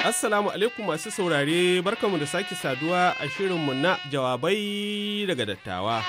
Assalamu alaikum masu saurare barkamu da sake saduwa a shirinmu na jawabai daga dattawa.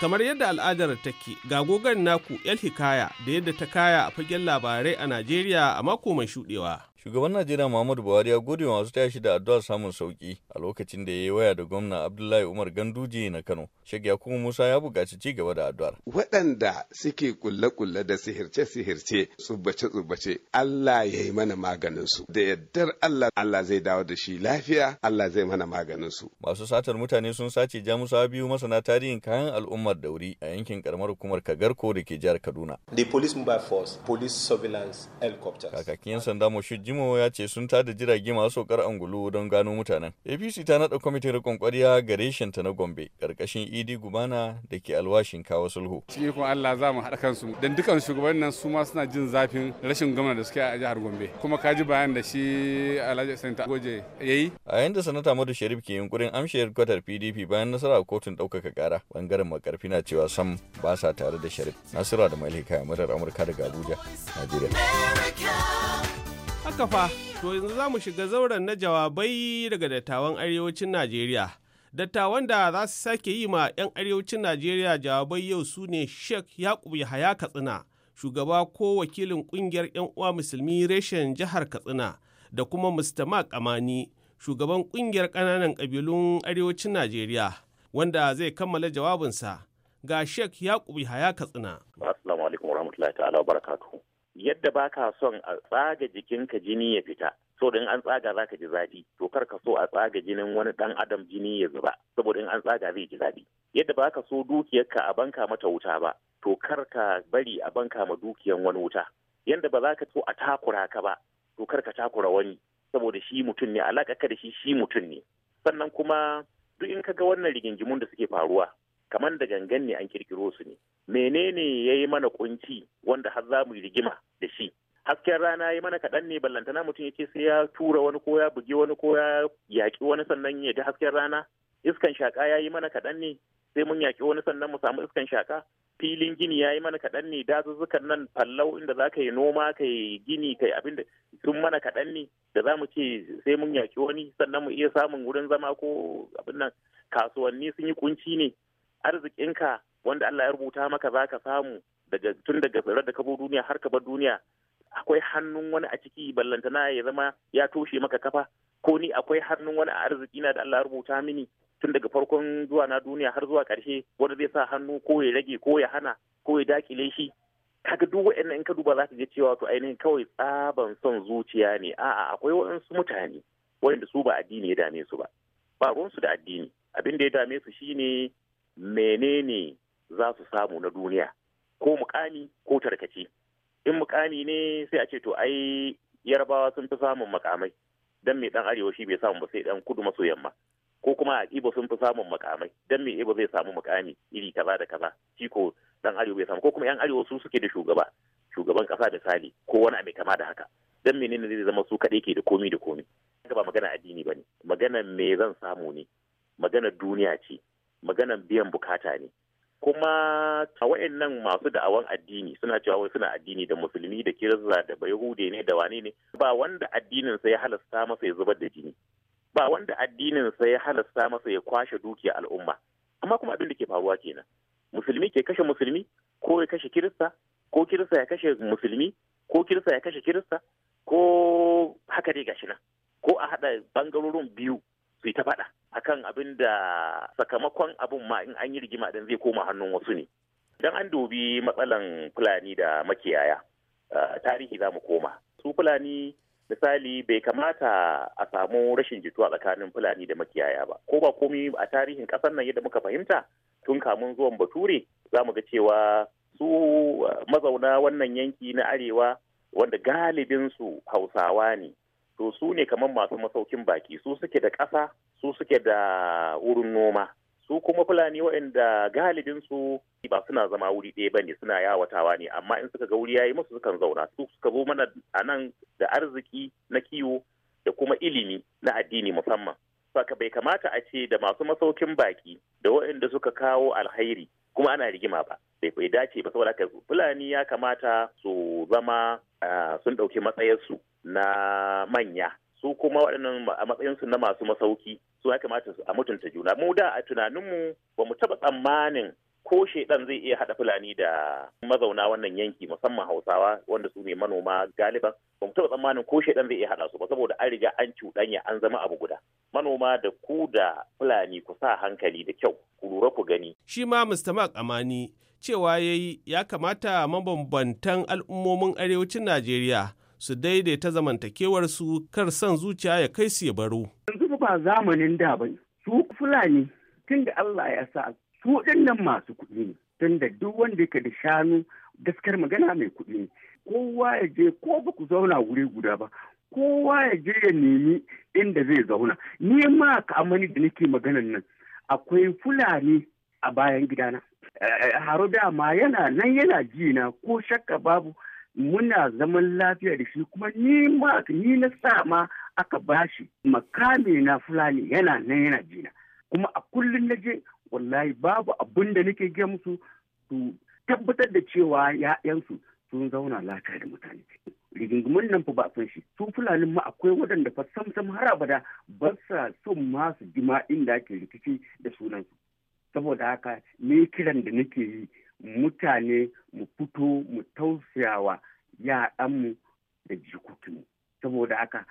Kamar yadda al'adar take ga gogon naku 'yar Hikaya da yadda ta kaya a fagen labarai a Najeriya a mako mai shuɗewa. Shugaban Najeriya Muhammadu Buhari ya gode wa masu tashi da addu'a samun sauki a lokacin da ya yi waya da gwamna Abdullahi Umar Ganduje na Kano. Shek kuma Musa ya buƙaci ci gaba da addu'ar. Waɗanda suke kulle-kulle da sihirce-sihirce, tsubbace-tsubbace, Allah ya yi mana maganin su. Da yaddar Allah, Allah zai dawo da shi lafiya, Allah zai mana maganin su. Masu satar mutane sun sace Jamusawa biyu masana tarihin kayan al'ummar da wuri a yankin karamar hukumar Kagarko da ke jihar Kaduna. The police mobile force, police surveillance helicopters. Kakakin sanda shi Jimawa ya ce sun tada jirage masu saukar angulu don gano mutanen. APC ta naɗa kwamitin riƙon ƙwarya gareshenta na Gombe ƙarƙashin ED Gubana da ke alwashin kawo sulhu. Cikin kuma Allah za mu haɗa kansu don dukkan shugabannin su ma suna jin zafin rashin gwamna da suke a jihar Gombe. Kuma ka ji bayan da shi Alhaji ta Goje ya A yayin da Sanata Madu Sharif ke yunkurin amshe kwatar PDP bayan nasara a kotun ɗaukaka ƙara ɓangaren makarfi na cewa sam ba sa tare da Sharif. Nasira da Malika Murar Amurka daga Abuja, Najeriya. Haka fa, to yanzu za mu shiga zauren na jawabai daga dattawan arewacin Najeriya. Dattawan da za su sake yi ma 'yan arewacin Najeriya jawabai yau su ne Sheikh yakubu Yahaya Katsina, shugaba ko wakilin kungiyar 'yan uwa musulmi reshen jihar Katsina, da kuma Mr. Mark Amani, shugaban kungiyar ƙananan kabilun arewacin Najeriya, wanda zai kammala jawabinsa ga Sheikh yakubu Yahaya Katsina. Assalamu alaikum yadda ba ka son a tsaga jikinka jini ya fita so in an tsaga za ka ji zafi to kar ka so a tsaga jinin wani dan adam jini ya zuba saboda in an tsaga zai ji zafi yadda ba ka so dukiyarka a banka mata wuta ba to kar ka bari a banka ma dukiyan wani wuta yadda ba za ka so a takura ka ba to kar ka takura wani saboda shi mutum ne alaƙa da shi shi mutum ne sannan kuma duk in ka ga wannan rigingimun da suke faruwa kamar da gangan ne an kirkiro su ne menene ya yi mana kunci wanda har za mu yi rigima da shi hasken rana ya yi mana kaɗan ne ballantana mutum ya ce sai ya tura wani ko ya bugi wani ko ya yaƙi wani sannan ya ji hasken rana iskan shaƙa ya yi mana kaɗan ne sai mun yaƙi wani sannan mu samu iskan shaƙa filin gini ya yi mana kaɗan ne dazuzzukan nan fallau inda za ka yi noma ka yi gini ka yi abin da sun mana kaɗan ne da za mu ce sai mun yaƙi wani sannan mu iya samun wurin zama ko abin nan kasuwanni sun yi kunci ne arzikinka wanda Allah ya rubuta maka za ka samu daga tun daga tsirar da kabo duniya har ka bar duniya akwai hannun wani a ciki ballantana ya zama ya toshe maka kafa ko ni akwai hannun wani a arziki na da Allah ya rubuta mini tun daga farkon zuwa na duniya har zuwa karshe wanda zai sa hannu ko ya rage ko ya hana ko ya dakile shi kaga duk wa'annan in ka duba za ka je cewa to ainihin kawai tsaban son zuciya ne a'a akwai waɗansu mutane wanda su ba addini ya dame su ba ba ruwansu da addini abin da ya dame su shine menene za su samu na duniya ko mukami ko tarkaci in mukami ne sai a ce to ai yarbawa sun fi samun makamai dan me dan arewa shi bai samu ba sai dan kudu maso yamma ko kuma a ibo sun fi samun makamai dan me ibo zai samu mukami iri kaza da kaza shi ko dan arewa bai samu ko kuma yan arewa su suke da shugaba shugaban kasa misali ko wani abu kama da haka dan menene zai zama su kaɗai ke da komi da komi ba magana addini bane magana me zan samu ne magana duniya ce maganan biyan bukata ne kuma a wa'annan masu da'awan addini suna cewa wai suna addini da musulmi da kirista da bayahude ne da wane ne ba wanda addinin sa ya halasta masa ya zubar da jini ba wanda addinin sa ya halasta masa ya kwashe dukiya al'umma amma kuma abin da ke faruwa kenan musulmi ke kashe musulmi ko ya kashe kirista ko kirista ya kashe musulmi ko kirista ya kashe kirista ko haka dai gashi nan ko a haɗa bangarorin biyu su yi ta faɗa akan abin da sakamakon abin ma in an yi rigima din zai koma hannun wasu ne dan an dubi matsalan fulani da makiyaya eh, tarihi za mu koma su fulani misali bai kamata a samu rashin jituwa tsakanin fulani da makiyaya ba ko ba komi a tarihin ƙasar nan yadda muka fahimta tun kamun zuwan bature za mu ga cewa su eh, mazauna wannan yanki na arewa wanda galibinsu hausawa ne to su ne kamar masu masaukin baki su suke da ƙasa su suke da wurin noma su kuma fulani waɗanda galibin su ba suna zama wuri ɗaya bane suna yawatawa ne amma in suka ga wuri yayi musu sukan zauna su suka zo mana a nan da arziki na kiwo da kuma ilimi na addini musamman saka bai kamata a ce da masu masaukin baki da waɗanda suka kawo alhairi kuma ana rigima ba bai bai dace ba saboda haka fulani ya kamata su zama ah, sun ɗauki matsayarsu na manya su kuma waɗannan a matsayinsu na masu masauki su ya kamata a mutunta juna mu da a tunaninmu ba mu taɓa tsammanin ko shaidan zai iya haɗa fulani da mazauna wannan yanki musamman hausawa wanda su ne manoma galiban ba mu taɓa tsammanin ko shaidan zai iya haɗa su ba saboda an riga an cuɗanya an zama abu guda manoma da ku da fulani ku sa hankali da kyau ku lura ku gani shi ma Mr. Mark Amani cewa yayi ya kamata mabambantan al'ummomin arewacin Najeriya su daidaita su. kar san zuciya ya kai su ya baro. Yanzu ba zamanin da ba su Fulani tun da Allah ya sa su dinnan masu kuɗi ne tun da duk wanda yake da shanu gaskar magana mai kuɗi ne kowa ya je ko ba ku zauna wuri guda ba kowa ya je ya nemi inda zai zauna ni ma ka amani da nake maganan nan akwai fulani a bayan gidana eh, eh, haro dama yana nan yana ji na ko shakka babu muna zaman lafiya da shi kuma ni ma ni na sa ma aka bashi makami na fulani yana nan yana jina kuma a kullum na je wallahi babu abin da nake ga musu su tabbatar da cewa ya'yansu sun zauna lafiya da mutane rigingimin nan fa ba san shi su fulanin ma akwai waɗanda fa sam sam har abada ba sa son ma su ji inda ake rikici da sunan su saboda haka ni kiran da nake yi mutane mu fito mu tausayawa yaɗanmu da jikokinmu saboda haka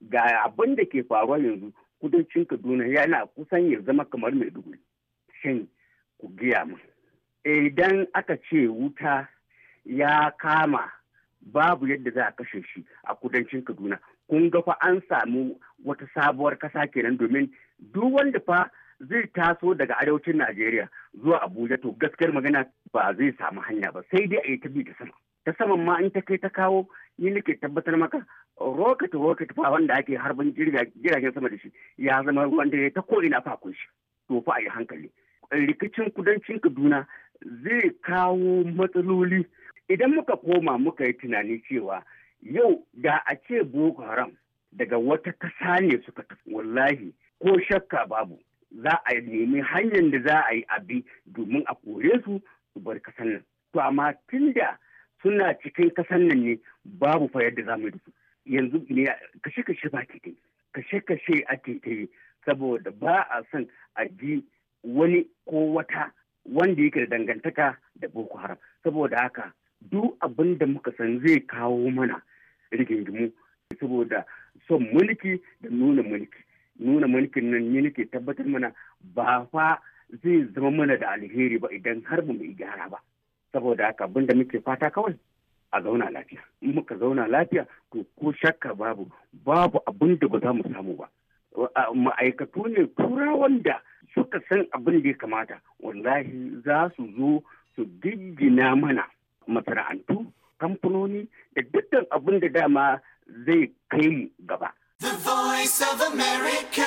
ga abin da ke faruwa yanzu kudancin kaduna yana kusan ya zama kamar maiduguri shin ku giya mu idan aka ce wuta ya kama babu yadda za a kashe shi a kudancin kaduna kun ga fa an samu wata sabuwar kasa kenan domin duk wanda fa zai taso daga arewacin najeriya zuwa abuja to gaskiyar magana ba zai samu hanya ba sai dai a yi ta bi da sama ta saman ma in ta kai ta kawo ni nake tabbatar maka rocket rocket fa wanda ake harbin jiragen sama da shi ya zama ruwan dare ta ko ina fa kun shi to fa a yi hankali rikicin kudancin kaduna zai kawo matsaloli idan muka koma muka yi tunani cewa yau da a ce boko haram daga wata kasa ne suka tafi wallahi ko shakka babu za a nemi hanyar da za a yi abi domin a kore su su bar kasan nan to amma da. suna cikin kasan nan ne babu fa yadda za mu da su yanzu ne kashe-kashe ba ke dai kashe-kashe a ta yi saboda ba a son a ji wani ko wata wanda yake da dangantaka da boko haram saboda haka duk abin da muka san zai kawo mana rigingimu saboda son mulki da nuna mulki nuna mulkin nan ne nake tabbatar mana ba fa zai zama mana da alheri ba idan har ba mu gyara ba saboda haka abin da muke fata kawai a zauna lafiya in muka zauna lafiya to ko shakka babu babu abin da ba za mu samu ba ma'aikatu ne turawan da suka san abin da ya kamata wallahi za su zo su giggina mana masana'antu kamfanoni da dukkan abin da dama zai kai mu gaba The Voice of America